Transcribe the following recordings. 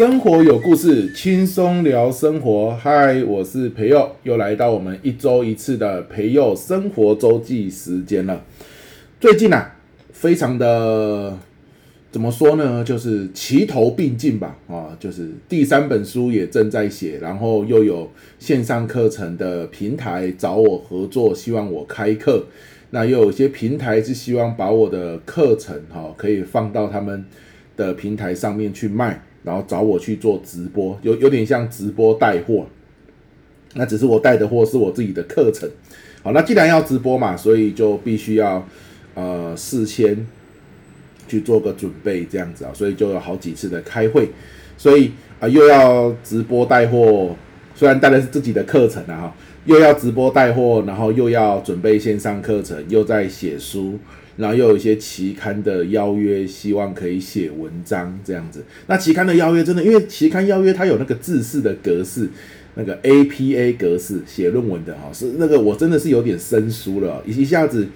生活有故事，輕鬆聊生活。嗨，我是培祐，又來到我們一周一次的培祐生活周記時間了。最近啊，非常的怎麼說呢，就是齊頭並進吧。啊，就是第三本書也正在寫，然後又有線上課程的平台找我合作，希望我開課。那又有些平台是希望把我的課程哈、啊，可以放到他們的平台上面去賣。然後找我去做直播，有有點像直播帶貨，那只是我帶的貨是我自己的課程。好，那既然要直播嘛，所以就必須要呃事先去做個準備這樣子啊，所以就有好幾次的開會，所以啊，呃，又要直播帶貨，雖然帶的是自己的課程啊，又要直播帶貨，然後又要準備線上課程，又在寫書。然後又有一些期刊的邀約，希望可以寫文章這樣子。那期刊的邀約真的，因為期刊邀約它有那個字式的格式，那個 APA 格式寫論文的哈，是那個我真的是有點生疏了，一下子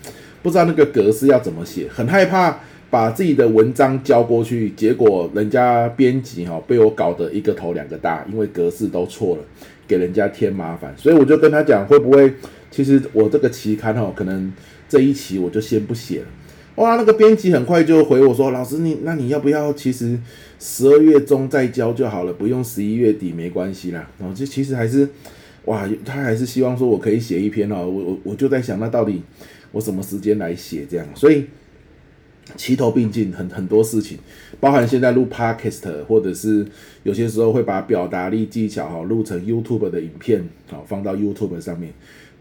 不知道那個格式要怎麼寫，很害怕把自己的文章交過去，結果人家編輯哈被我搞得一個頭兩個大，因為格式都錯了，給人家添麻煩。所以我就跟他講，會不會其實我這個期刊哈可能。這一期我就先不寫了，哇，那個編輯很快就回我說，老師你那你要不要？其實十二月中再交就好了，不用十一月底沒關係啦。然後、哦、就其實還是，哇，他還是希望說我可以寫一篇哦。我我我就在想，那到底我什麼時間來寫這樣？所以齊頭並進，很很多事情，包含現在錄 Podcast，或者是有些時候會把表達力技巧哈、哦、錄成 YouTube 的影片、哦，好放到 YouTube 上面，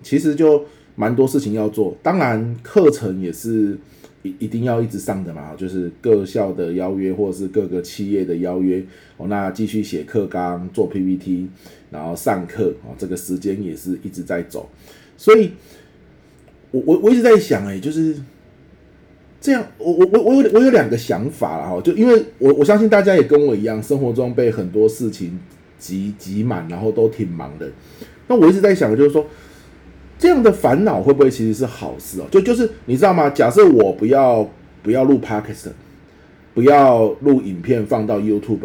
其實就。蠻多事情要做，當然課程也是一一定要一直上的嘛，就是各校的邀約或者是各個企業的邀約，哦，那繼續寫課綱、做 PPT，然後上課啊，這個時間也是一直在走，所以，我我我一直在想，哎，就是這樣，我我我我有我有兩個想法了哈，就因為我我相信大家也跟我一樣，生活中被很多事情擠擠滿，然後都挺忙的，那我一直在想，就是說。這樣的煩惱會不會其實是好事哦？就就是你知道嗎？假設我不要不要錄 Podcast，不要錄影片放到 YouTube，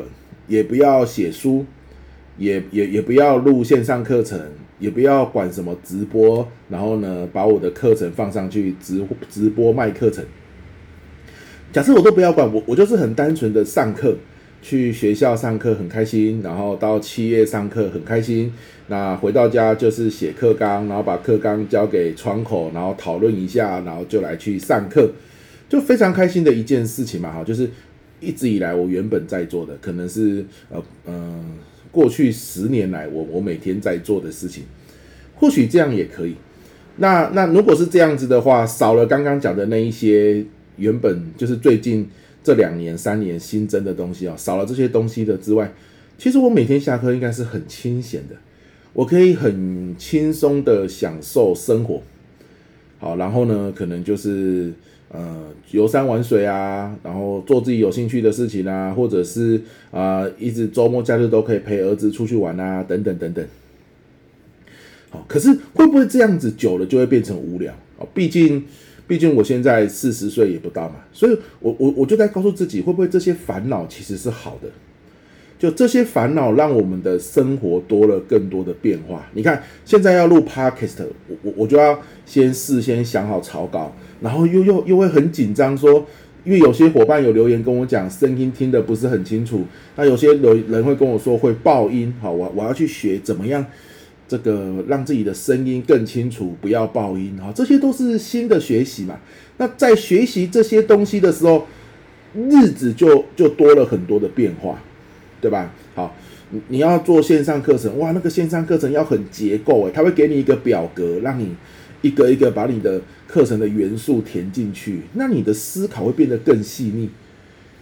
也不要寫書，也也也不要錄線上課程，也不要管什麼直播，然後呢，把我的課程放上去直直播賣課程。假設我都不要管，我我就是很單純的上課。去學校上課很開心，然後到企業上課很開心。那回到家就是寫課綱，然後把課綱交給窗口，然後討論一下，然後就來去上課，就非常開心的一件事情嘛。哈，就是一直以來我原本在做的，可能是呃嗯，過去十年來我我每天在做的事情，或許這樣也可以。那那如果是這樣子的話，少了剛剛講的那一些原本就是最近。這兩年三年新增的東西啊，少了這些東西的之外，其實我每天下課應該是很清閒的，我可以很輕鬆的享受生活。好，然後呢，可能就是呃遊山玩水啊，然後做自己有興趣的事情啊，或者是啊、呃，一直周末假日都可以陪兒子出去玩啊，等等等等。好，可是會不會這樣子久了就會變成無聊啊？畢竟。畢竟我現在四十歲也不到嘛，所以我我我就在告訴自己，會不會這些煩惱其實是好的？就這些煩惱讓我們的生活多了更多的變化。你看，現在要錄 podcast，我我我就要先事先想好草稿，然後又又又會很緊張說，說因為有些夥伴有留言跟我講，聲音聽得不是很清楚，那有些留人，人會跟我說會爆音，好，我我要去學怎麼樣？這個讓自己的聲音更清楚，不要爆音啊、哦，這些都是新的學習嘛。那在學習這些東西的時候，日子就就多了很多的變化，對吧？好，你要做線上課程，哇，那個線上課程要很結構誒，他會給你一個表格，讓你一個一個把你的課程的元素填進去，那你的思考會變得更細膩。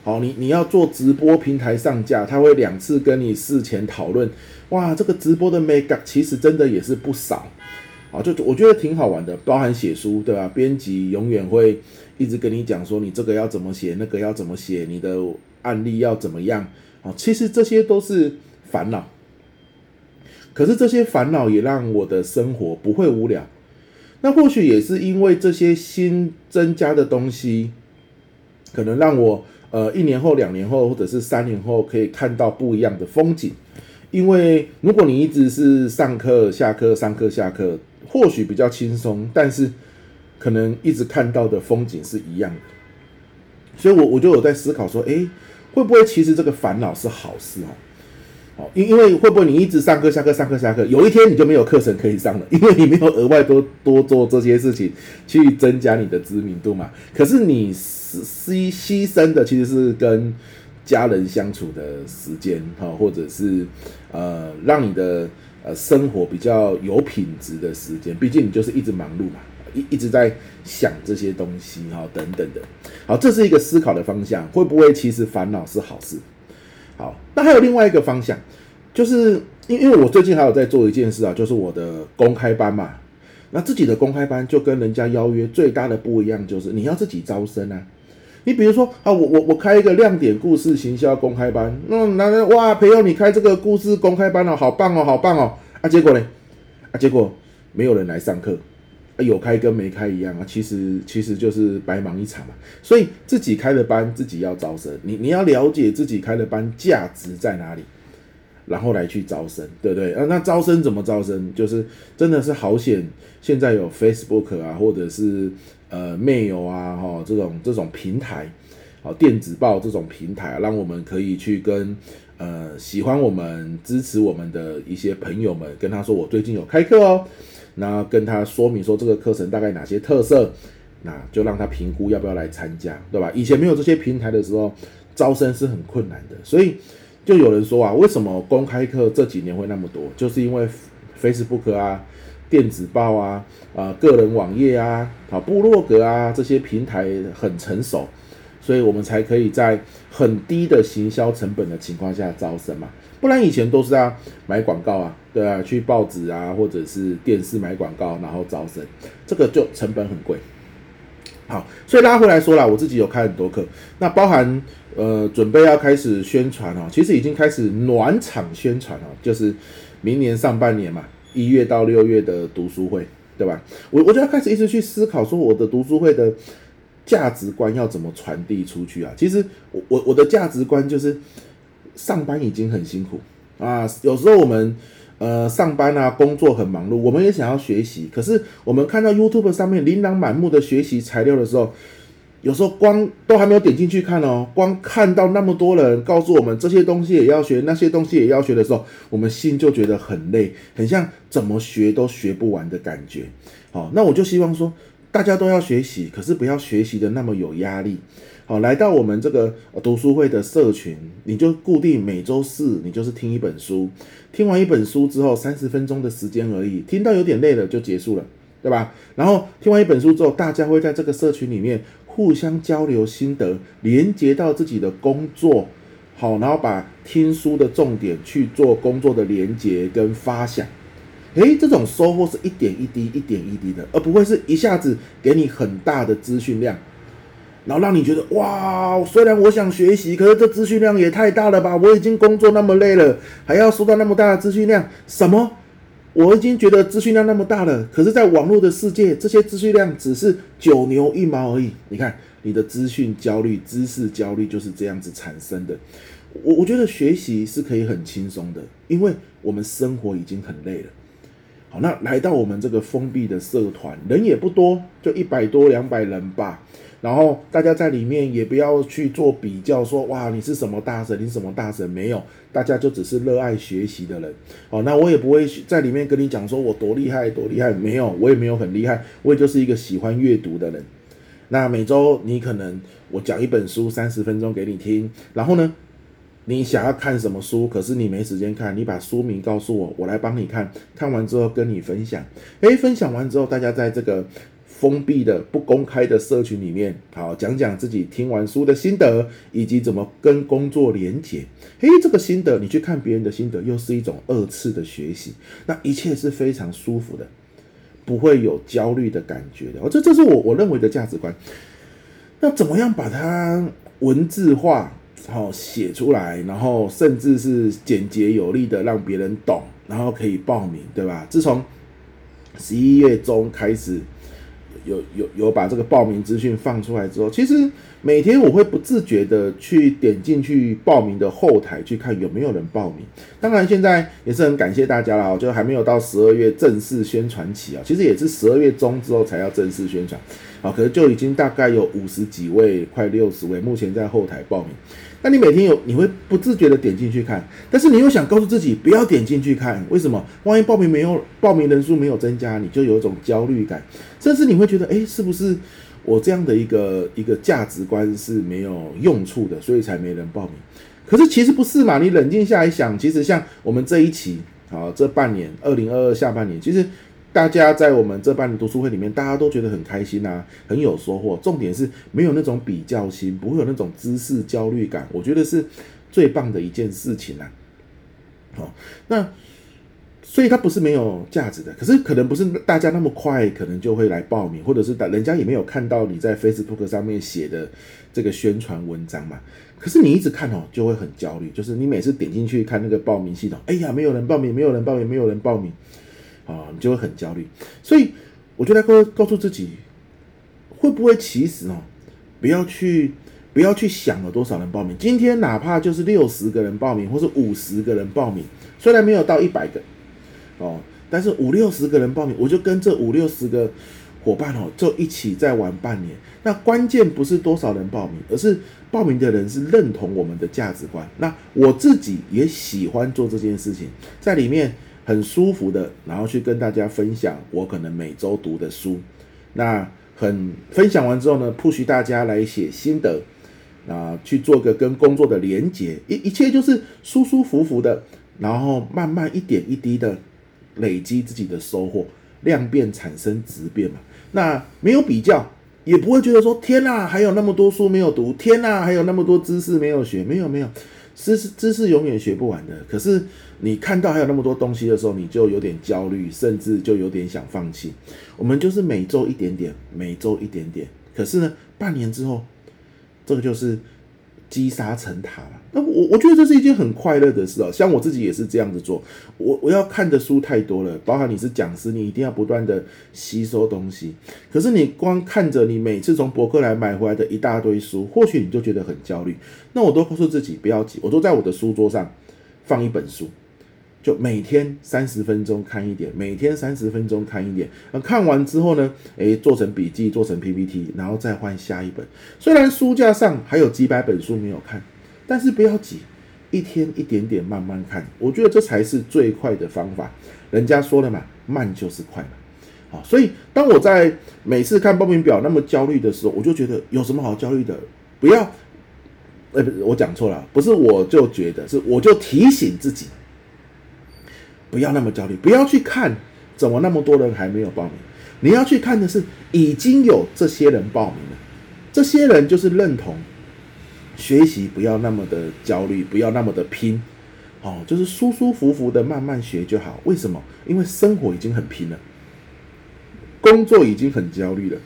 好，你你要做直播平台上架，他會兩次跟你事前討論。哇，這個直播的眉角其實真的也是不少啊！就我覺得挺好玩的，包含寫書對吧？編輯永遠會一直跟你講說，你這個要怎麼寫，那個要怎麼寫，你的案例要怎麼樣啊！其實這些都是煩惱，可是這些煩惱也讓我的生活不會無聊。那或許也是因為這些新增加的東西，可能讓我呃一年後、兩年後或者是三年後可以看到不一樣的風景。因為如果你一直是上課、下課、上課、下課，或許比較輕鬆，但是可能一直看到的風景是一樣的。所以，我我就有在思考說，誒，會不會其實這個煩惱是好事啊？哦，因因為會不會你一直上課、下課、上課、下課，有一天你就沒有課程可以上了，因為你沒有額外多多做這些事情去增加你的知名度嘛？可是你犧犧牲的其實是跟家人相處的時間哈，或者是。呃，讓你的呃生活比較有品質的時間，畢竟你就是一直忙碌嘛，一一直在想這些東西哈、哦、等等的，好，這是一個思考的方向，會不會其實煩惱是好事？好，那還有另外一個方向，就是因因為我最近還有在做一件事啊，就是我的公開班嘛，那自己的公開班就跟人家邀約最大的不一樣就是你要自己招生啊。你比如說啊，我我我開一個亮點故事行銷公開班，那那那哇，朋友你開這個故事公開班了哦，好棒哦，好棒哦啊，結果咧啊，結果沒有人來上課，啊有開跟沒開一樣啊，其實其實就是白忙一場嘛。所以自己開的班自己要招生，你你要了解自己開的班價值在哪裡。然後來去招生，對不對？那招生怎麼招生？就是真的是好險，現在有 Facebook 啊，或者是呃，mail 啊，哈、哦，這種這種平台，好、哦，電子報這種平台、啊，讓我們可以去跟呃喜歡我們、支持我們的一些朋友們，跟他說我最近有開課哦，然後跟他說明說這個課程大概哪些特色，那就讓他評估要不要來參加，對吧？以前沒有這些平台的時候，招生是很困難的，所以。就有人說啊，為什麼公開課這幾年會那麼多？就是因為 Facebook 啊、電子報啊、啊、呃、個人網頁啊、啊部落格啊這些平台很成熟，所以我們才可以在很低的行銷成本的情況下招生嘛。不然以前都是啊買廣告啊，對啊去報紙啊或者是電視買廣告然後招生，這個就成本很貴。好，所以拉回來說啦，我自己有開很多課，那包含。呃，準備要開始宣傳了，喔，其實已經開始暖場宣傳了，喔，就是明年上半年嘛，一月到六月的讀書會，對吧？我我就要開始一直去思考，說我的讀書會的價值觀要怎麼傳遞出去啊？其實我我的價值觀就是，上班已經很辛苦啊，有時候我們呃上班啊工作很忙碌，我們也想要學習，可是我們看到 YouTube 上面琳琅滿目的學習材料的時候，有時候光都還沒有點進去看哦，光看到那麼多人告訴我們這些東西也要學，那些東西也要學的時候，我們心就覺得很累，很像怎麼學都學不完的感覺。好，那我就希望說大家都要學習，可是不要學習得那麼有壓力。好，來到我們這個讀書會的社群，你就固定每周四，你就是聽一本書，聽完一本書之後，三十分鐘的時間而已，聽到有點累了就結束了，對吧？然後聽完一本書之後，大家會在這個社群裡面。互相交流心得，連接到自己的工作，好，然後把聽書的重點去做工作的連接跟發想，誒、欸，這種收穫是一點一滴、一點一滴的，而不會是一下子給你很大的資訊量，然後讓你覺得哇，雖然我想學習，可是這資訊量也太大了吧？我已經工作那麼累了，還要收到那麼大的資訊量，什麼？我已經覺得資訊量那麼大了，可是，在網絡的世界，這些資訊量只是九牛一毛而已。你看，你的資訊焦慮、知識焦慮就是這樣子產生的。我我覺得學習是可以很輕鬆的，因為我們生活已經很累了。好，那來到我們這個封閉的社團，人也不多，就一百多、兩百人吧。然後大家在裡面也不要去做比較，說，哇，你是什麼大神，你是什麼大神？沒有，大家就只是熱愛學習的人。好、哦，那我也不會在裡面跟你講說我多厲害，多厲害，沒有，我也沒有很厲害，我也就是一個喜歡閱讀的人。那每周你可能我講一本書三十分鐘給你聽，然後呢，你想要看什麼書，可是你沒時間看，你把書名告訴我，我來幫你看，看完之後跟你分享。誒，分享完之後，大家在這個。封閉的、不公開的社群裡面，好，講講自己聽完書的心得，以及怎麼跟工作連結。嘿，這個心得你去看別人的心得，又是一種二次的學習。那一切是非常舒服的，不會有焦慮的感覺的。哦，這這是我我認為的價值觀。那怎麼樣把它文字化，好，哦，寫出來，然後甚至是簡潔有力的讓別人懂，然後可以報名，對吧？自從十一月中開始。有有有把這個報名資訊放出來之後，其實每天我會不自覺地去點進去報名的後台去看有沒有人報名。當然現在也是很感謝大家了，就還沒有到十二月正式宣傳期啊，其實也是十二月中之後才要正式宣傳啊，可是就已經大概有五十幾位，快六十位，目前在後台報名。那你每天有你會不自覺的點進去看，但是你又想告訴自己不要點進去看，為什麼？萬一報名沒有報名人數沒有增加，你就有一種焦慮感，甚至你會覺得，哎，是不是我這樣的一個一個價值觀是沒有用處的，所以才沒人報名。可是其實不是嘛，你冷靜下來想，其實像我們這一期，好，這半年，2022下半年，其實。大家在我們這班的讀書會裡面，大家都覺得很開心吶、啊，很有收穫。重點是沒有那種比較心，不會有那種知識焦慮感。我覺得是最棒的一件事情啊。好、哦，那所以它不是沒有價值的，可是可能不是大家那麼快，可能就會來報名，或者是人家也沒有看到你在 Facebook 上面寫的這個宣傳文章嘛。可是你一直看哦，就會很焦慮，就是你每次點進去看那個報名系統，哎呀，沒有人報名，沒有人報名，沒有人報名。啊、哦，你就會很焦慮，所以我就來告告訴自己，會不會其實哦，不要去不要去想有多少人報名，今天哪怕就是六十個人報名，或是五十個人報名，雖然沒有到一百個哦，但是五六十個人報名，我就跟這五六十個夥伴哦，就一起再玩半年。那關鍵不是多少人報名，而是報名的人是認同我們的價值觀。那我自己也喜歡做這件事情，在裡面。很舒服的，然後去跟大家分享我可能每周讀的書，那很分享完之後呢，不需大家來寫心得啊，去做個跟工作的連結，一一切就是舒舒服服的，然後慢慢一點一滴的累積自己的收穫，量變產生質變嘛。那沒有比較，也不會覺得說天啊，還有那麼多書沒有讀，天啊，還有那麼多知識沒有學，沒有沒有。知識知識永遠學不完的，可是你看到還有那麼多東西的時候，你就有點焦慮，甚至就有點想放棄。我們就是每周一點點，每周一點點。可是呢，半年之後，這個就是。積沙成塔了，那我我覺得這是一件很快樂的事哦、喔。像我自己也是這樣子做，我我要看的書太多了，包含你是講師，你一定要不斷的吸收東西。可是你光看着你每次從博客來買回來的一大堆書，或許你就覺得很焦慮。那我都告訴自己不要急，我都在我的書桌上放一本書。就每天三十分鐘看一點，每天三十分鐘看一點。那看完之後呢？誒、欸，做成筆記，做成 PPT，然後再換下一本。雖然書架上還有幾百本書沒有看，但是不要急，一天一點點慢慢看。我覺得這才是最快的方法。人家說了嘛，慢就是快嘛。好，所以當我在每次看報名表那麼焦慮的時候，我就覺得有什麼好焦慮的？不要，呃、欸，我講錯了，不是我就覺得，是我就提醒自己。不要那麼焦慮，不要去看怎麼那麼多人還沒有報名。你要去看的是已經有這些人報名了，這些人就是認同學習，不要那麼的焦慮，不要那麼的拼，哦，就是舒舒服服的慢慢學就好。為什麼？因為生活已經很拼了，工作已經很焦慮了。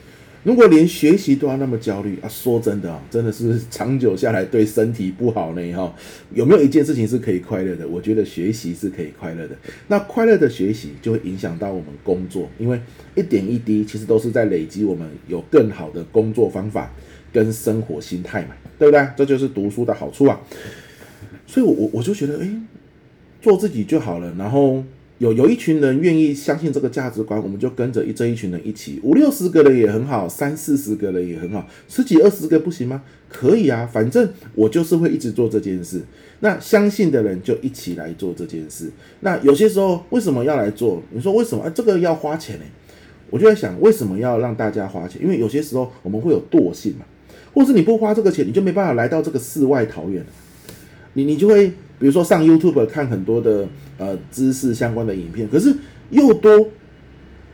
如果連學習都要那麼焦慮啊，說真的啊，真的是長久下來對身體不好呢哈、哦。有沒有一件事情是可以快樂的？我覺得學習是可以快樂的。那快樂的學習就會影響到我們工作，因為一點一滴其實都是在累積我們有更好的工作方法跟生活心態嘛，對不對？這就是讀書的好處啊。所以我我就覺得，誒，做自己就好了，然後。有有一群人願意相信這個價值觀，我們就跟着一這一群人一起，五六十個人也很好，三四十個人也很好，十幾二十個不行嗎？可以啊，反正我就是會一直做這件事。那相信的人就一起來做這件事。那有些時候為什麼要來做？你說為什麼？啊，這個要花錢呢，欸。我就在想，為什麼要讓大家花錢？因為有些時候我們會有惰性嘛，或是你不花這個錢，你就沒辦法來到這個世外桃源。你你就會比如說上 YouTube 看很多的。呃，知識相關的影片，可是又多，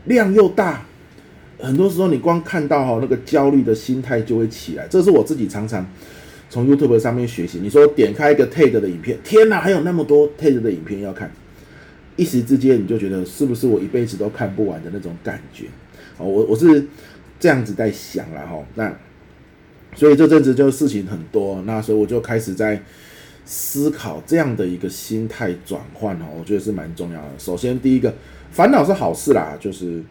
量又大，很多時候你光看到哈那個焦慮的心態就會起來。這是我自己常常從 YouTube 上面學習。你說點開一個 tag 的影片，天哪，啊，還有那麼多 tag 的影片要看，一時之間你就覺得是不是我一輩子都看不完的那種感覺？我我是這樣子在想了哈。那所以這陣子就事情很多，那所以我就開始在。思考這樣的一個心態轉換哦，我覺得是蠻重要的。首先，第一個煩惱是好事啦，就是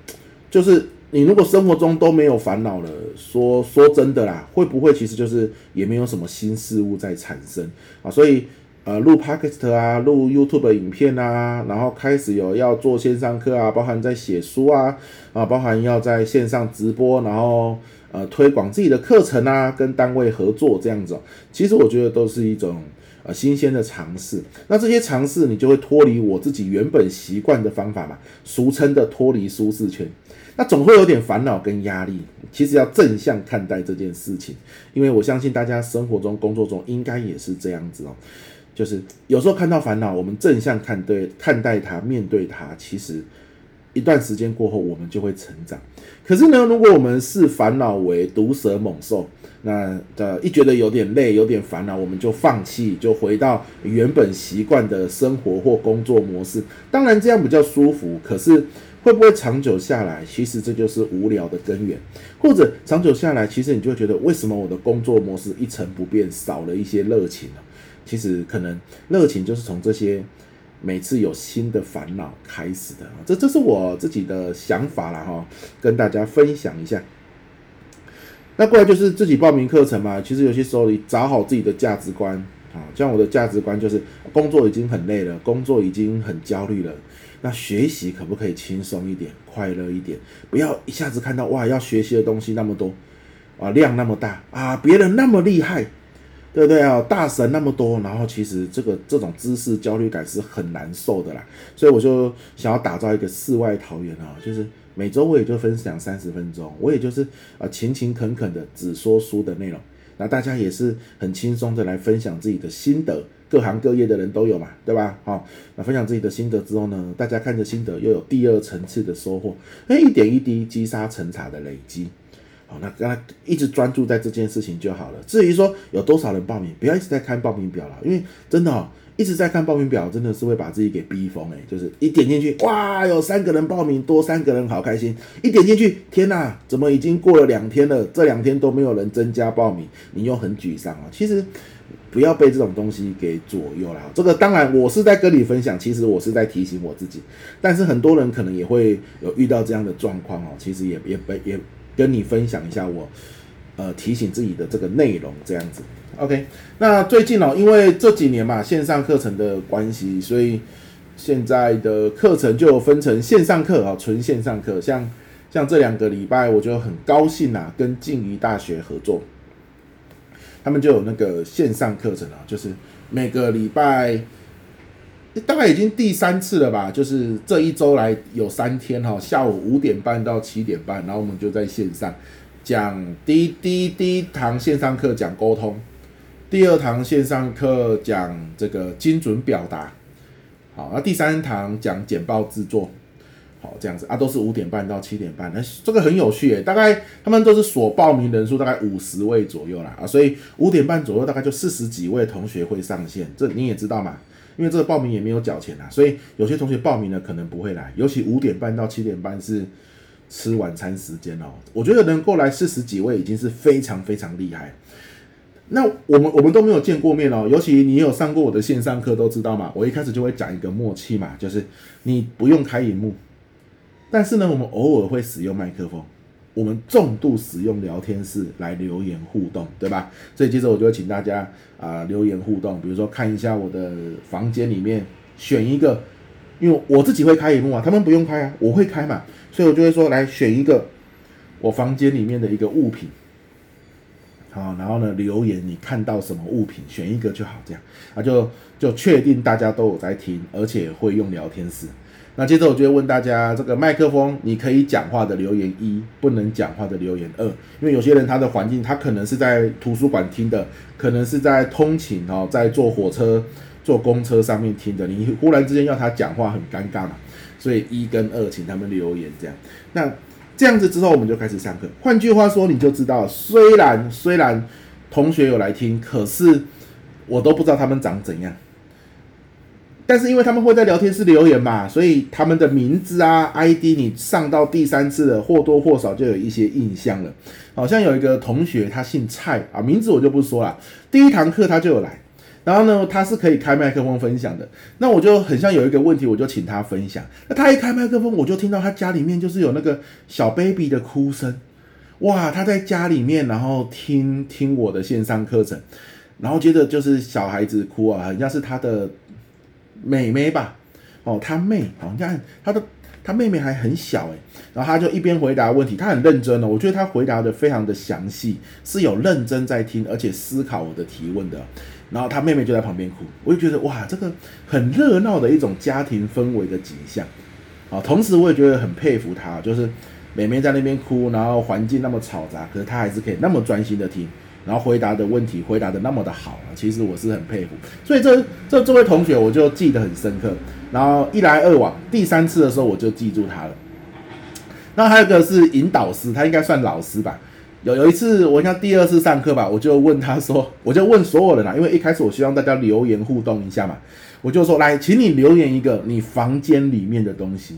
就是你如果生活中都沒有煩惱了，說說真的啦，會不會其實就是也沒有什麼新事物在產生啊？所以呃，錄 p o c k e tPodcast 啊，錄 YouTube 影片啊，然後開始有要做線上課啊，包含在寫書啊啊，包含要在線上直播，然後呃推廣自己的課程啊，跟單位合作這樣子，其實我覺得都是一種。呃，新鮮的嘗試，那這些嘗試你就會脫離我自己原本習慣的方法嘛，俗稱的脫離舒適圈，那總會有點煩惱跟壓力。其實要正向看待這件事情，因為我相信大家生活中、工作中應該也是這樣子哦，就是有時候看到煩惱，我們正向看對看待它、面對它，其實。一段時間過後，我們就會成長。可是呢，如果我們視煩惱為毒蛇猛獸，那呃，一覺得有點累、有點煩惱，我們就放棄，就回到原本習慣的生活或工作模式。當然，這樣比較舒服。可是，會不會長久下來，其實這就是無聊的根源。或者，長久下來，其實你就會覺得，為什麼我的工作模式一成不變，少了一些熱情呢？其實，可能熱情就是從這些。每次有新的煩惱開始的，這這是我自己的想法啦哈，跟大家分享一下。那過來就是自己報名課程嘛。其實有些時候你找好自己的價值觀啊，像我的價值觀就是，工作已經很累了，工作已經很焦慮了，那學習可不可以輕鬆一點、快樂一點？不要一下子看到哇，要學習的東西那麼多啊，量那麼大啊，別人那麼厲害。對不對啊？大神那麼多，然後其實這個這種知識焦慮感是很難受的啦。所以我就想要打造一個世外桃源啊，就是每週我也就分享三十分鐘，我也就是啊、呃、勤勤懇懇的只說書的內容。那大家也是很輕鬆的來分享自己的心得，各行各業的人都有嘛，對吧？好、哦，那分享自己的心得之後呢，大家看着心得又有第二層次的收穫，一點一滴積沙成塔的累積。好，那讓他一直專注在這件事情就好了。至於說有多少人報名，不要一直在看報名表了，因為真的哦，一直在看報名表真的是會把自己給逼瘋哎。就是一點進去，哇，有三個人報名，多三個人，好開心。一點進去，天哪，怎麼已經過了兩天了？這兩天都沒有人增加報名，你又很沮喪啊。其實不要被這種東西給左右了。這個當然，我是在跟你分享，其實我是在提醒我自己。但是很多人可能也會有遇到這樣的狀況哦。其實也也也。也也跟你分享一下我，呃，提醒自己的這個內容，這樣子，OK。那最近哦，因為這幾年嘛，線上課程的關係，所以現在的課程就分成線上課啊，純線上課。像像這兩個禮拜，我就很高興吶、啊，跟靜宜大學合作，他們就有那個線上課程啊，就是每個禮拜。大概已經第三次了吧，就是這一周來有三天哈，下午五點半到七點半，然後我們就在線上講第一，第一，第一堂線上課講溝通，第二堂線上課講這個精準表達，好，那第三堂講簡報制作，好，這樣子啊，都是五點半到七點半，那這個很有趣誒，大概他們都是所報名人數大概五十位左右啦，啊，所以五點半左右大概就四十幾位同學會上線，這你也知道嘛。因為這個報名也沒有繳錢啊，所以有些同學報名了可能不會來，尤其五點半到七點半是吃晚餐時間哦。我覺得能夠來四十幾位已經是非常非常厲害。那我們我們都沒有見過面哦，尤其你有上過我的線上課都知道嘛，我一開始就會講一個默契嘛，就是你不用開熒幕，但是呢，我們偶爾會使用麥克風。我們重度使用聊天室來留言互動，對吧？所以接着我就會請大家啊、呃、留言互動，比如說看一下我的房間裡面選一個，因為我自己會開螢幕啊，他們不用開啊，我會開嘛，所以我就會說來選一個我房間裡面的一個物品，好、哦，然後呢留言你看到什麼物品，選一個就好，這樣啊就，就就確定大家都有在聽，而且會用聊天室。那接着我就會問大家，這個麥克風，你可以講話的留言一，不能講話的留言二，因為有些人他的環境，他可能是在圖書館聽的，可能是在通勤哦，在坐火車、坐公車上面聽的，你忽然之間要他講話很尷尬嘛，所以一跟二，請他們留言這樣。那這樣子之後，我們就開始上課。換句話說，你就知道，雖然雖然同學有來聽，可是我都不知道他們長怎樣。但是因為他們會在聊天室留言嘛，所以他們的名字啊、ID，你上到第三次了，或多或少就有一些印象了。好像有一個同學，他姓蔡啊，名字我就不說了。第一堂課他就有來，然後呢，他是可以開麥克風分享的。那我就很像有一個問題，我就請他分享。那他一開麥克風，我就聽到他家裡面就是有那個小 baby 的哭聲，哇，他在家裡面，然後聽聽我的線上課程，然後接着就是小孩子哭啊，好像是他的。妹妹吧，哦，她妹，好、哦，你看他的他妹妹還很小誒、欸，然後她就一邊回答問題，她很認真的、哦，我覺得她回答的非常的詳細，是有認真在聽而且思考我的提問的，然後她妹妹就在旁邊哭，我就覺得哇，這個很熱鬧的一種家庭氛圍的景象，啊、哦，同時我也覺得很佩服她，就是妹妹在那邊哭，然後環境那麼嘈雜，可是她還是可以那麼專心的聽。然後回答的問題回答的那麼的好，其實我是很佩服，所以這這這位同學我就記得很深刻。然後一來二往，第三次的時候我就記住他了。那還有一個是引導師，他應該算老師吧？有有一次我像第二次上課吧，我就問他說，我就問所有人啊，因為一開始我希望大家留言互動一下嘛，我就說來，請你留言一個你房間裡面的東西。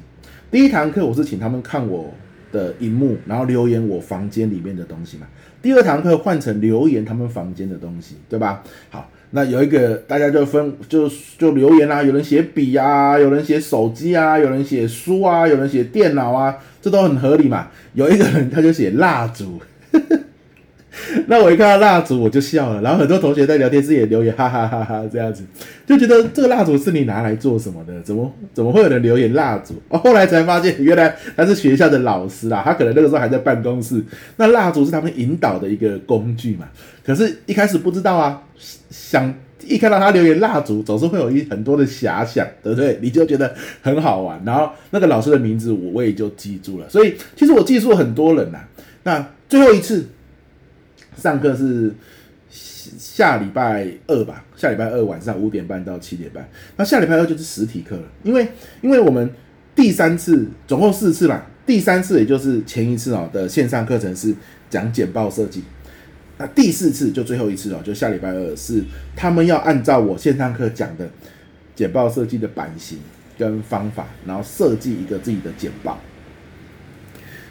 第一堂課我是請他們看我。的熒幕，然後留言我房間裡面的東西嘛。第二堂課換成留言他們房間的東西，對吧？好，那有一個大家就分就就留言啦、啊，有人寫筆啊，有人寫手機啊，有人寫書啊，有人寫電腦啊，這都很合理嘛。有一個人他就寫蠟燭。 那我一看到蠟燭，我就笑了。然後很多同學在聊天室也留言，哈哈哈哈，這樣子就覺得這個蠟燭是你拿來做什麼的？怎麼怎麼會有人留言蠟燭？哦，後來才發現，原來他是學校的老師啊。他可能那個時候還在辦公室。那蠟燭是他們引導的一個工具嘛？可是，一開始不知道啊。想一看到他留言蠟燭，總是會有一很多的遐想，對不對？你就覺得很好玩。然後那個老師的名字，我我也就記住了。所以，其實我記住了很多人吶、啊。那最後一次。上課是下禮拜二吧，下禮拜二晚上五點半到七點半。那下禮拜二就是實體課了，因為因為我們第三次總共四次嘛，第三次也就是前一次哦的線上課程是講簡報設計，那第四次就最後一次哦，就下禮拜二是他們要按照我線上課講的簡報設計的版型跟方法，然後設計一個自己的簡報。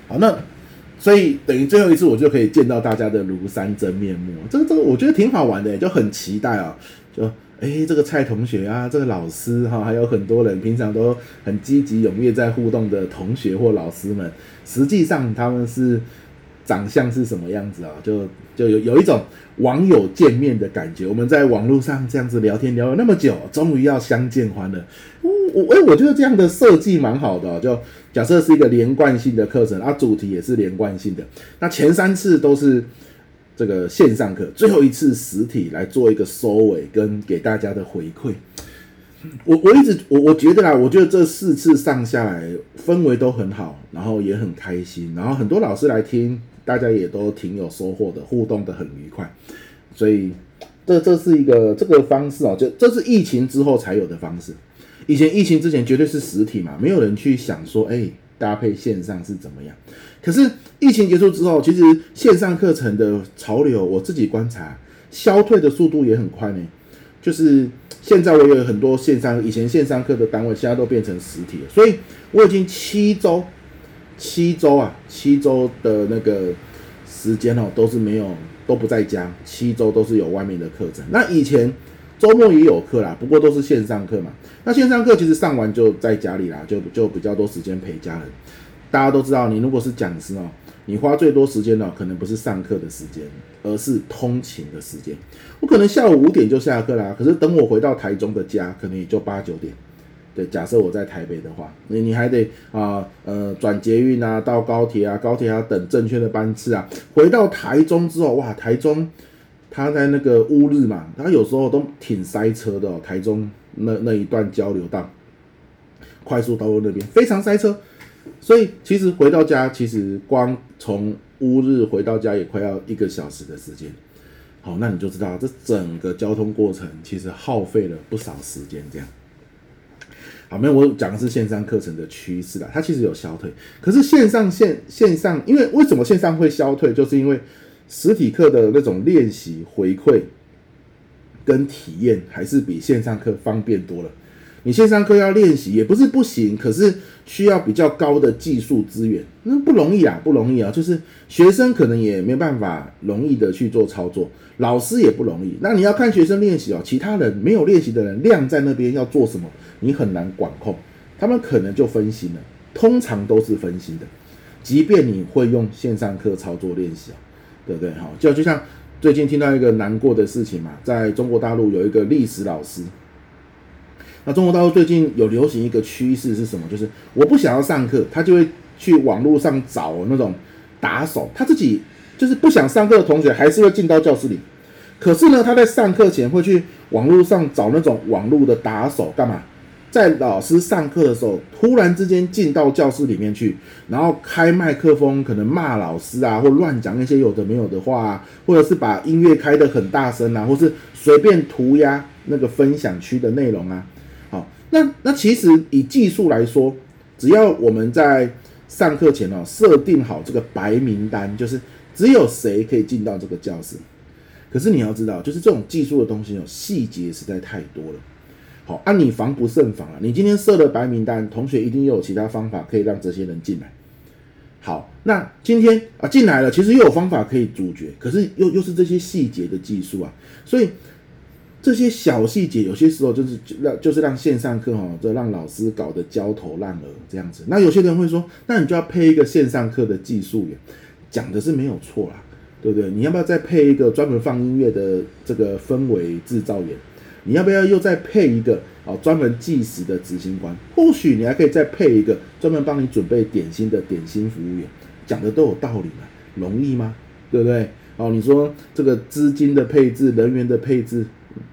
好，那。所以等於最後一次，我就可以見到大家的廬山真面目。這個這個，我覺得挺好玩的、欸，就很期待啊、喔！就誒、欸，這個蔡同學啊，這個老師哈、啊，還有很多人平常都很積極踴躍在互動的同學或老師們，實際上他們是。長相是什麼樣子啊？就就有有一種網友見面的感覺。我們在網絡上這樣子聊天聊了那麼久，終於要相見歡了、嗯。我、欸、我覺得這樣的設計蠻好的、啊。就假設是一個連貫性的課程，啊，主題也是連貫性的。那前三次都是這個線上課，最後一次實體來做一個收尾跟給大家的回饋。我我一直我我覺得啦，我覺得這四次上下來氛圍都很好，然後也很開心，然後很多老師來聽。大家也都挺有收穫的，互動得很愉快，所以這這是一個這個方式啊，就這是疫情之後才有的方式。以前疫情之前絕對是實體嘛，沒有人去想說，欸，搭配線上是怎麼樣。可是疫情結束之後，其實線上課程的潮流，我自己觀察，消退的速度也很快呢。就是現在我有很多線上，以前線上課的單位，現在都變成實體了。所以我已經七周。七週啊，七週的那個時間喔，都是沒有，都不在家，七週都是有外面的課程。那以前周末也有課啦，不過都是線上課嘛。那線上課其實上完就在家裡啦，就就比較多時間陪家人。大家都知道，你如果是講師喔，你花最多時間喔，可能不是上課的時間，而是通勤的時間。我可能下午五點就下課啦，可是等我回到台中的家，可能也就八九點。對，假設我在台北的話，你你還得啊呃轉、呃、捷運啊，到高鐵啊，高鐵啊等正確的班次啊，回到台中之後，哇，台中他在那個烏日嘛，他有時候都挺塞車的哦，台中那那一段交流道快速道路那邊非常塞車，所以其實回到家，其實光從烏日回到家也快要一個小時的時間，好，那你就知道這整個交通過程其實耗費了不少時間，這樣。好，沒有，我講的是線上課程的趨勢啦，它其實有消退。可是線上線線上，因為為什麼線上會消退？就是因為實體課的那種練習回饋跟體驗，還是比線上課方便多了。你線上課要練習也不是不行，可是需要比較高的技術資源，那不容易啊，不容易啊。就是學生可能也沒辦法容易的去做操作，老師也不容易。那你要看學生練習哦，其他人沒有練習的人晾在那邊要做什麼？你很難管控。他們可能就分心了，通常都是分心的。即便你會用線上課操作練習啊，對不對？好，就就像最近聽到一個難過的事情嘛，在中國大陸有一個歷史老師。那中國大陸最近有流行一個趨勢是什麼？就是我不想要上課，他就會去網絡上找那種打手，他自己就是不想上課的同學，還是會進到教室裡。可是呢，他在上課前會去網絡上找那種網絡的打手幹嘛？在老師上課的時候，突然之間進到教室裡面去，然後開麥克風，可能罵老師啊，或亂講那些有的沒有的話啊，或者是把音樂開得很大聲啊，或是隨便塗鴉那個分享區的內容啊。那那其實以技術來說，只要我們在上課前哦，設定好這個白名單，就是只有誰可以進到這個教室。可是你要知道，就是這種技術的東西哦，細節實在太多了。好，按你防不勝防啊。你今天設了白名單，同學一定又有其他方法可以讓這些人進來。好，那今天啊進來了，其實又有方法可以阻絕，可是又又是這些細節的技術啊，所以。這些小細節，有些時候就是讓就是讓線上課哈，這讓老師搞得焦頭爛額這樣子。那有些人會說，那你就要配一個線上課的技術員，講的是沒有錯啦，對不對？你要不要再配一個專門放音樂的這個氛圍製造員？你要不要又再配一個啊、哦、專門計時的執行官？或許你還可以再配一個專門幫你準備點心的點心服務員，講的都有道理嘛，容易嗎？對不對？哦，你說這個資金的配置，人員的配置，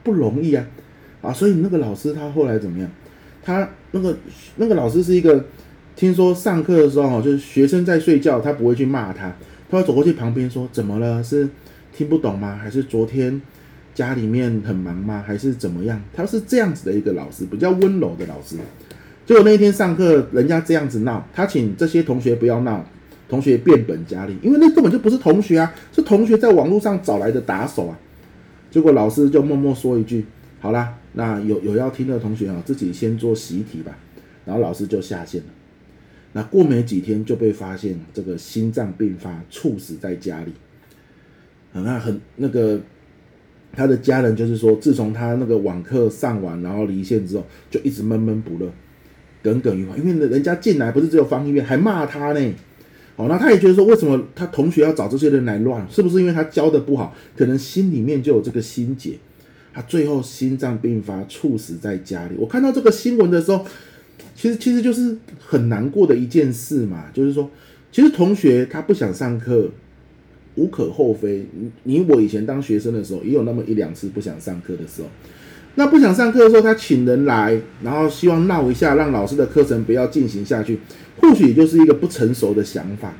不容易啊，啊，所以那個老師他後來怎麼樣？他那個那個老師是一個，聽說上課的時候就是學生在睡覺，他不會去罵他，他會走過去旁邊說怎麼了？是聽不懂嗎？還是昨天家裡面很忙嗎？還是怎麼樣？他是這樣子的一個老師，比較溫柔的老師。結果那一天上課，人家這樣子鬧，他請這些同學不要鬧，同學變本加厲，因為那根本就不是同學啊，是同學在網絡上找來的打手啊。結果老師就默默說一句：“好啦，那有有要聽的同學啊，自己先做習題吧。”然後老師就下線了。那過沒幾天就被發現這個心臟病發，猝死在家裡。那很啊，很那個他的家人就是說，自從他那個網課上完，然後離線之後，就一直悶悶不樂，耿耿於懷，因為人家進來不是只有放音樂還罵他呢。哦，那他也覺得說，為什麼他同學要找這些人來亂？是不是因為他教的不好？可能心裡面就有這個心結，他最後心臟病發猝死在家裡。我看到這個新聞的時候，其實其實就是很難過的一件事嘛。就是說，其實同學他不想上課，無可厚非。你，你我以前當學生的時候，也有那麼一兩次不想上課的時候。那不想上課的時候，他請人來，然後希望鬧一下，讓老師的課程不要進行下去，或許就是一個不成熟的想法。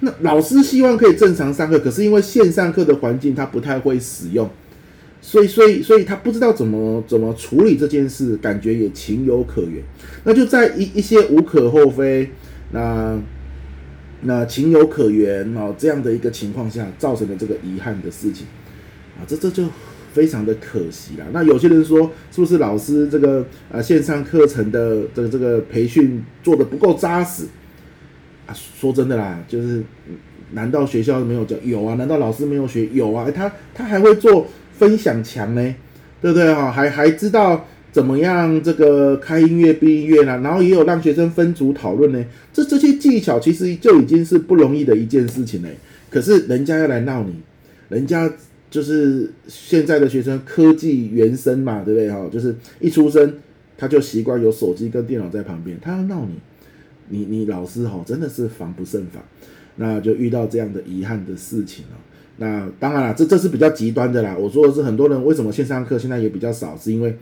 那老師希望可以正常上課，可是因為線上課的環境他不太會使用，所以所以所以他不知道怎麼怎麼處理這件事，感覺也情有可原。那就在一一些無可厚非，那那情有可原哦，這樣的一個情況下，造成了這個遺憾的事情啊，這這就。非常的可惜啦。那有些人說，是不是老師這個啊、呃、線上課程的這個這個培訓做得不夠紮實啊？說真的啦，就是難道學校沒有教？有啊，難道老師沒有學？有啊，他他還會做分享牆呢，對不對哈、啊，還還知道怎麼樣這個開音樂閉音樂呢、啊？然後也有讓學生分組討論呢。這這些技巧其實就已經是不容易的一件事情呢。可是人家要來鬧你，人家。就是現在的學生科技原生嘛，對不對哈？就是一出生他就習慣有手機跟電腦在旁邊，他要鬧你，你你老師吼、哦、真的是防不勝防，那就遇到這樣的遺憾的事情了。那當然了，這這是比較極端的啦。我說的是很多人為什麼線上課現在也比較少，是因為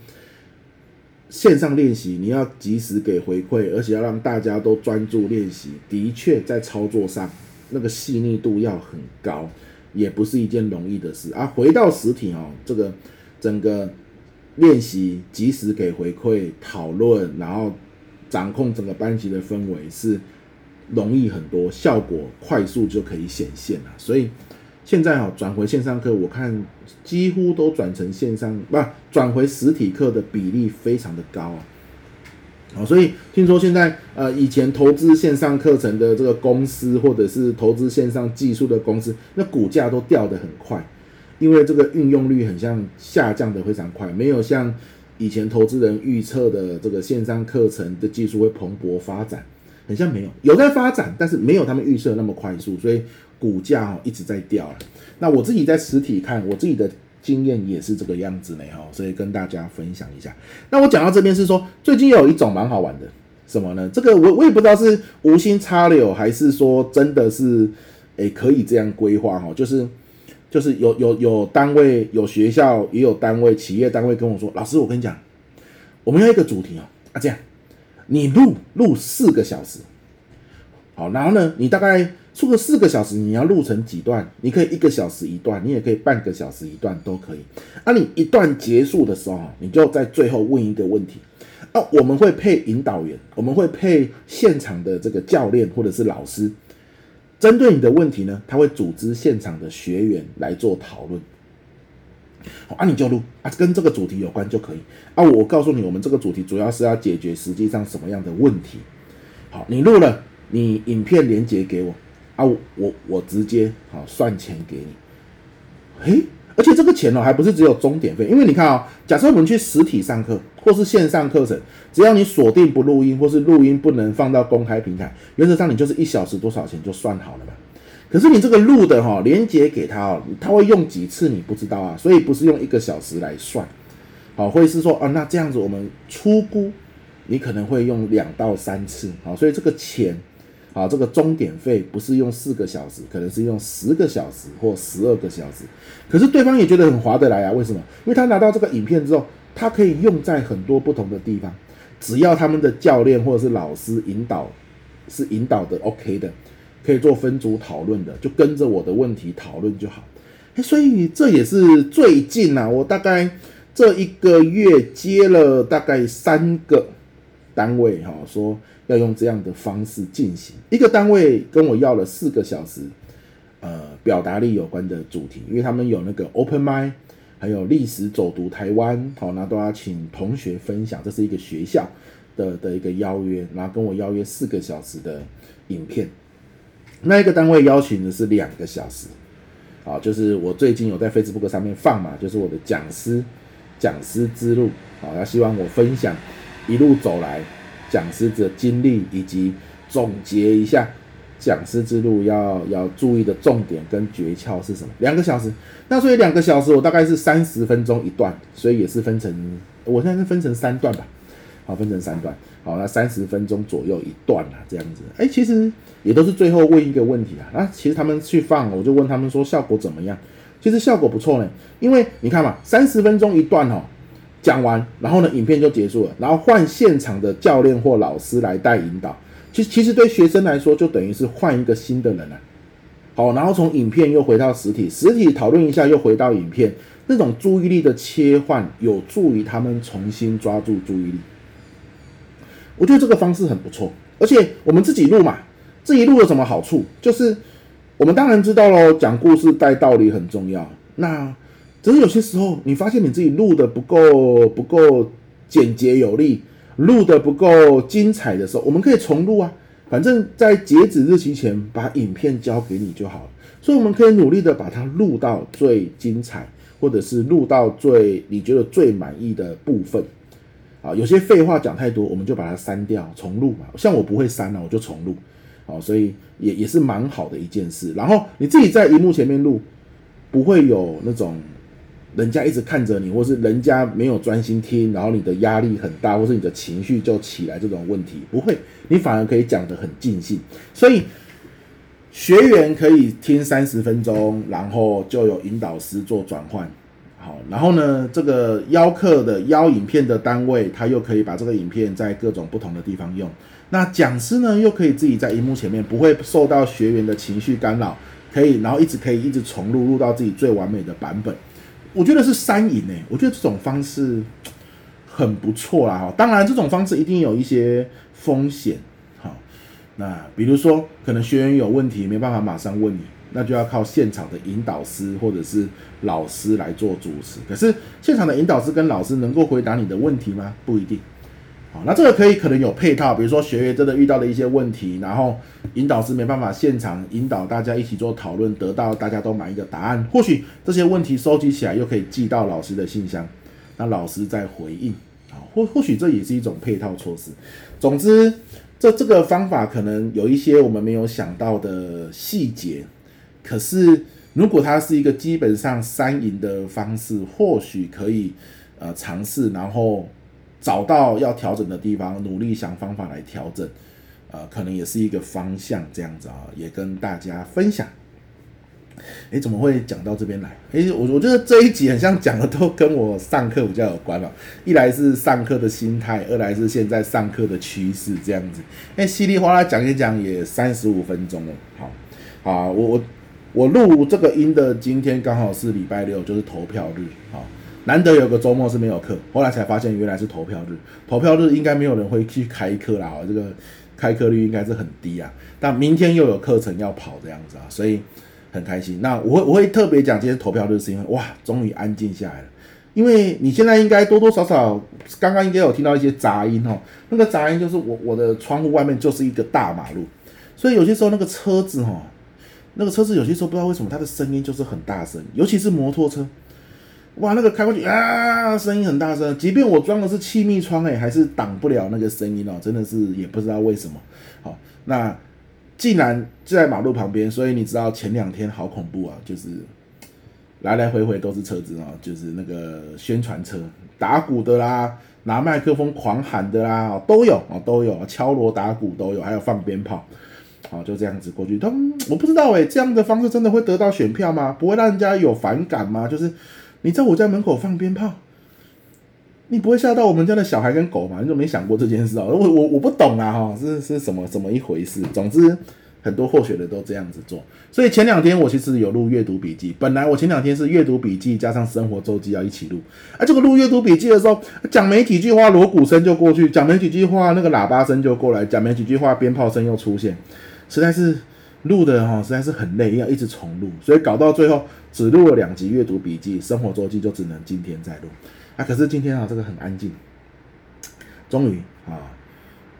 線上練習你要及時給回饋，而且要讓大家都專注練習，的確在操作上那個細膩度要很高。也不是一件容易的事啊！回到實體哦，這個整個練習及時給回饋、討論，然後掌控整個班級的氛圍是容易很多，效果快速就可以顯現了。所以現在哦，轉回線上課，我看幾乎都轉成線上，不、啊、轉回實體課的比例非常的高啊！哦，所以聽說現在呃，以前投資線上課程的這個公司，或者是投資線上技術的公司，那股價都掉得很快，因為這個運用率很像下降得非常快，沒有像以前投資人預測的這個線上課程的技術會蓬勃發展，很像沒有，有在發展，但是沒有他們預測那麼快速，所以股價哦一直在掉。那我自己在實體看，我自己的。經驗也是這個樣子呢哈，所以跟大家分享一下。那我講到這邊是說，最近有一種蠻好玩的，什麼呢？這個我我也不知道是無心插柳，還是說真的是誒、欸、可以這樣規劃哈，就是就是有有有單位、有學校，也有單位、企業單位跟我說，老師我跟你講，我們要一個主題哦啊，這樣你錄錄四個小時，好，然後呢，你大概。出個四個小時，你要錄成幾段？你可以一個小時一段，你也可以半個小時一段，都可以。啊，你一段結束的時候，你就在最後問一個問題。啊，我們會配引導員，我們會配現場的這個教練或者是老師，針對你的問題呢，他會組織現場的學員來做討論。啊，你就錄啊，跟這個主題有關就可以。啊，我告訴你，我們這個主題主要是要解決實際上什麼樣的問題。好，你錄了，你影片連接給我。啊，我我，我直接好算錢給你、欸，嘿，而且這個錢哦、喔，還不是只有鐘點費，因為你看啊、喔，假設我們去實體上課或是線上課程，只要你鎖定不錄音或是錄音不能放到公開平台，原則上你就是一小時多少錢就算好了嘛。可是你這個錄的哈、喔，連結給他哦、喔，他會用幾次你不知道啊，所以不是用一個小時來算，好，或是說啊，那這樣子我們初估，你可能會用兩到三次，好，所以這個錢。啊，這個鐘點費不是用四個小時，可能是用十個小時或十二個小時。可是對方也覺得很划得來啊，為什麼？因為他拿到這個影片之後，他可以用在很多不同的地方，只要他們的教練或者是老師引導是引導的 OK 的，可以做分組討論的，就跟着我的問題討論就好。所以這也是最近啊，我大概這一個月接了大概三個單位哈，說。要用這樣的方式進行。一個單位跟我要了四個小時，呃，表達力有關的主題，因為他們有那個 Open Mind，還有歷史走讀台灣，好，那都要請同學分享。這是一個學校的的一個邀約，然後跟我邀約四個小時的影片。那一個單位邀請的是兩個小時，好，就是我最近有在 Facebook 上面放嘛，就是我的講師講師之路，好，他希望我分享一路走來。講師的經歷，以及總結一下講師之路要要注意的重點跟訣竅是什麼？兩個小時，那所以兩個小時我大概是三十分鐘一段，所以也是分成，我現在是分成三段吧，好，分成三段，好，那三十分鐘左右一段啊，這樣子，誒，其實也都是最後問一個問題啊，那其實他們去放，我就問他們說效果怎麼樣，其實效果不錯呢，因為你看嘛，三十分鐘一段哦。講完，然後呢，影片就結束了，然後換現場的教練或老師來帶引導。其實，其實對學生來說，就等於是換一個新的人了。好，然後從影片又回到實體，實體討論一下，又回到影片，那種注意力的切換，有助於他們重新抓住注意力。我覺得這個方式很不錯，而且我們自己錄嘛，自己錄有什麼好處？就是我們當然知道嘍，講故事帶道理很重要。那。只是有些時候，你發現你自己錄的不夠不夠簡潔有力，錄的不夠精彩的時候，我們可以重錄啊。反正，在截止日期前把影片交給你就好了。所以，我們可以努力的把它錄到最精彩，或者是錄到最你覺得最滿意的部分啊。有些廢話講太多，我們就把它刪掉，重錄嘛。像我不會刪了啊，我就重錄。好，所以也也是蠻好的一件事。然後，你自己在熒幕前面錄，不會有那種。人家一直看着你，或是人家沒有專心聽，然後你的壓力很大，或是你的情緒就起來，這種問題不會，你反而可以講得很盡興。所以學員可以聽三十分鐘，然後就有引導師做轉換，好，然後呢，這個邀課的邀影片的單位，他又可以把這個影片在各種不同的地方用。那講師呢，又可以自己在熒幕前面，不會受到學員的情緒干擾，可以，然後一直可以一直重錄，錄到自己最完美的版本。我覺得是三贏誒，我覺得這種方式很不錯啦哈。當然，這種方式一定有一些風險哈。那比如說，可能學員有問題沒辦法馬上問你，那就要靠現場的引導師或者是老師來做主持。可是，現場的引導師跟老師能夠回答你的問題嗎？不一定。那這個可以可能有配套，比如說學員真的遇到了一些問題，然後引導師沒辦法現場引導大家一起做討論，得到大家都滿意的答案。或許這些問題收集起來又可以寄到老師的信箱，那老師再回應。啊，或或許這也是一種配套措施。總之，這這個方法可能有一些我們沒有想到的細節。可是，如果它是一個基本上三贏的方式，或許可以呃嘗試，然後。找到要調整的地方，努力想方法來調整，呃，可能也是一個方向這樣子啊，也跟大家分享。誒，怎麼會講到這邊來？誒，我我覺得這一集很像講的都跟我上課比較有關了，一來是上課的心態，二來是現在上課的趨勢這樣子。哎，稀里嘩啦講一講也三十五分鐘了，好，好啊，我我我錄這個音的今天剛好是禮拜六，就是投票日，好。難得有個周末是沒有課，後來才發現原來是投票日。投票日應該沒有人會去開課啦，這個開課率應該是很低啊。但明天又有課程要跑這樣子啊，所以很開心。那我會我會特別講這些投票日是因為，哇，終於安靜下來了。因為你現在應該多多少少，剛剛應該有聽到一些雜音哦。那個雜音就是我我的窗戶外面就是一個大馬路，所以有些時候那個車子哦，那個車子有些時候不知道為什麼它的聲音就是很大聲，尤其是摩托車。哇，那個開過去啊，聲音很大聲。即便我裝的是氣密窗、欸，哎，還是擋不了那個聲音哦、喔。真的是也不知道為什麼。好，那既然就在馬路旁邊，所以你知道前兩天好恐怖啊，就是來來回回都是車子哦、喔，就是那個宣傳車，打鼓的啦，拿麥克風狂喊的啦，都有哦，都有，敲鑼打鼓都有，還有放鞭炮。好，就這樣子過去。他們我不知道哎、欸，這樣的方式真的會得到選票嗎？不會讓人家有反感嗎？就是。你在我家門口放鞭炮，你不會嚇到我們家的小孩跟狗嗎？你怎麼沒想過這件事啊？我我我不懂啊，哈，是是什麼什麼一回事？總之，很多候選人都這樣子做。所以前兩天我其實有錄閱讀筆記，本來我前兩天是閱讀筆記加上生活週記要一起錄，哎、啊，這個錄閱讀筆記的時候，講沒幾句話，鑼鼓聲就過去；講沒幾句話，那個喇叭聲就過來；講沒幾句話，鞭炮聲又出現，實在是。錄的哈，實在是很累，要一直重錄，所以搞到最後只錄了兩集閱讀筆記，生活周記就只能今天再錄。那、啊、可是今天啊，這個很安靜，終於啊，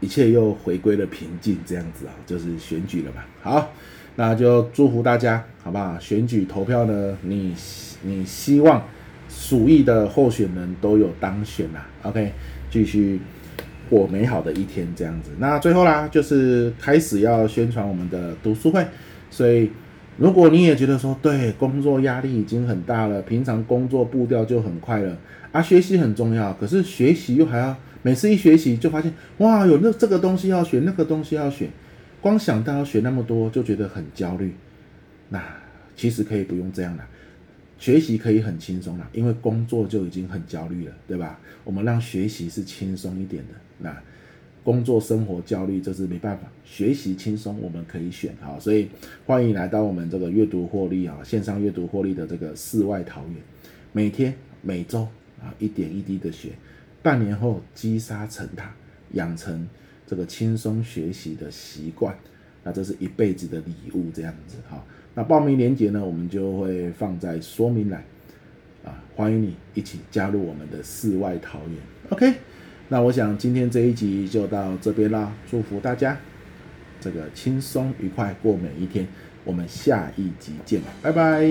一切又回歸了平靜。這樣子啊，就是選舉了吧？好，那就祝福大家，好不好？選舉投票呢，你你希望屬意的候選人都有當選啦、啊。OK，繼續。過美好的一天，這樣子。那最後啦，就是開始要宣傳我們的讀書會。所以，如果你也覺得說，對，工作壓力已經很大了，平常工作步調就很快了啊，學習很重要，可是學習又還要每次一學習就發現，哇，有那這個東西要學，那個東西要學，光想到要學那麼多，就覺得很焦慮。那其實可以不用這樣啦。學習可以很輕鬆了、啊，因為工作就已經很焦慮了，對吧？我們讓學習是輕鬆一點的。那工作生活焦慮這是沒辦法，學習輕鬆我們可以選哈、啊。所以歡迎來到我們這個閱讀獲利啊，線上閱讀獲利的這個世外桃源。每天、每周啊，一點一滴的學，半年後積沙成塔，養成這個輕鬆學習的習慣。那這是一輩子的禮物，這樣子哈、啊。那報名鏈接呢，我們就會放在說明欄，啊，歡迎你一起加入我們的世外桃源。OK，那我想今天這一集就到這邊啦，祝福大家這個輕鬆愉快過每一天。我們下一集見，拜拜。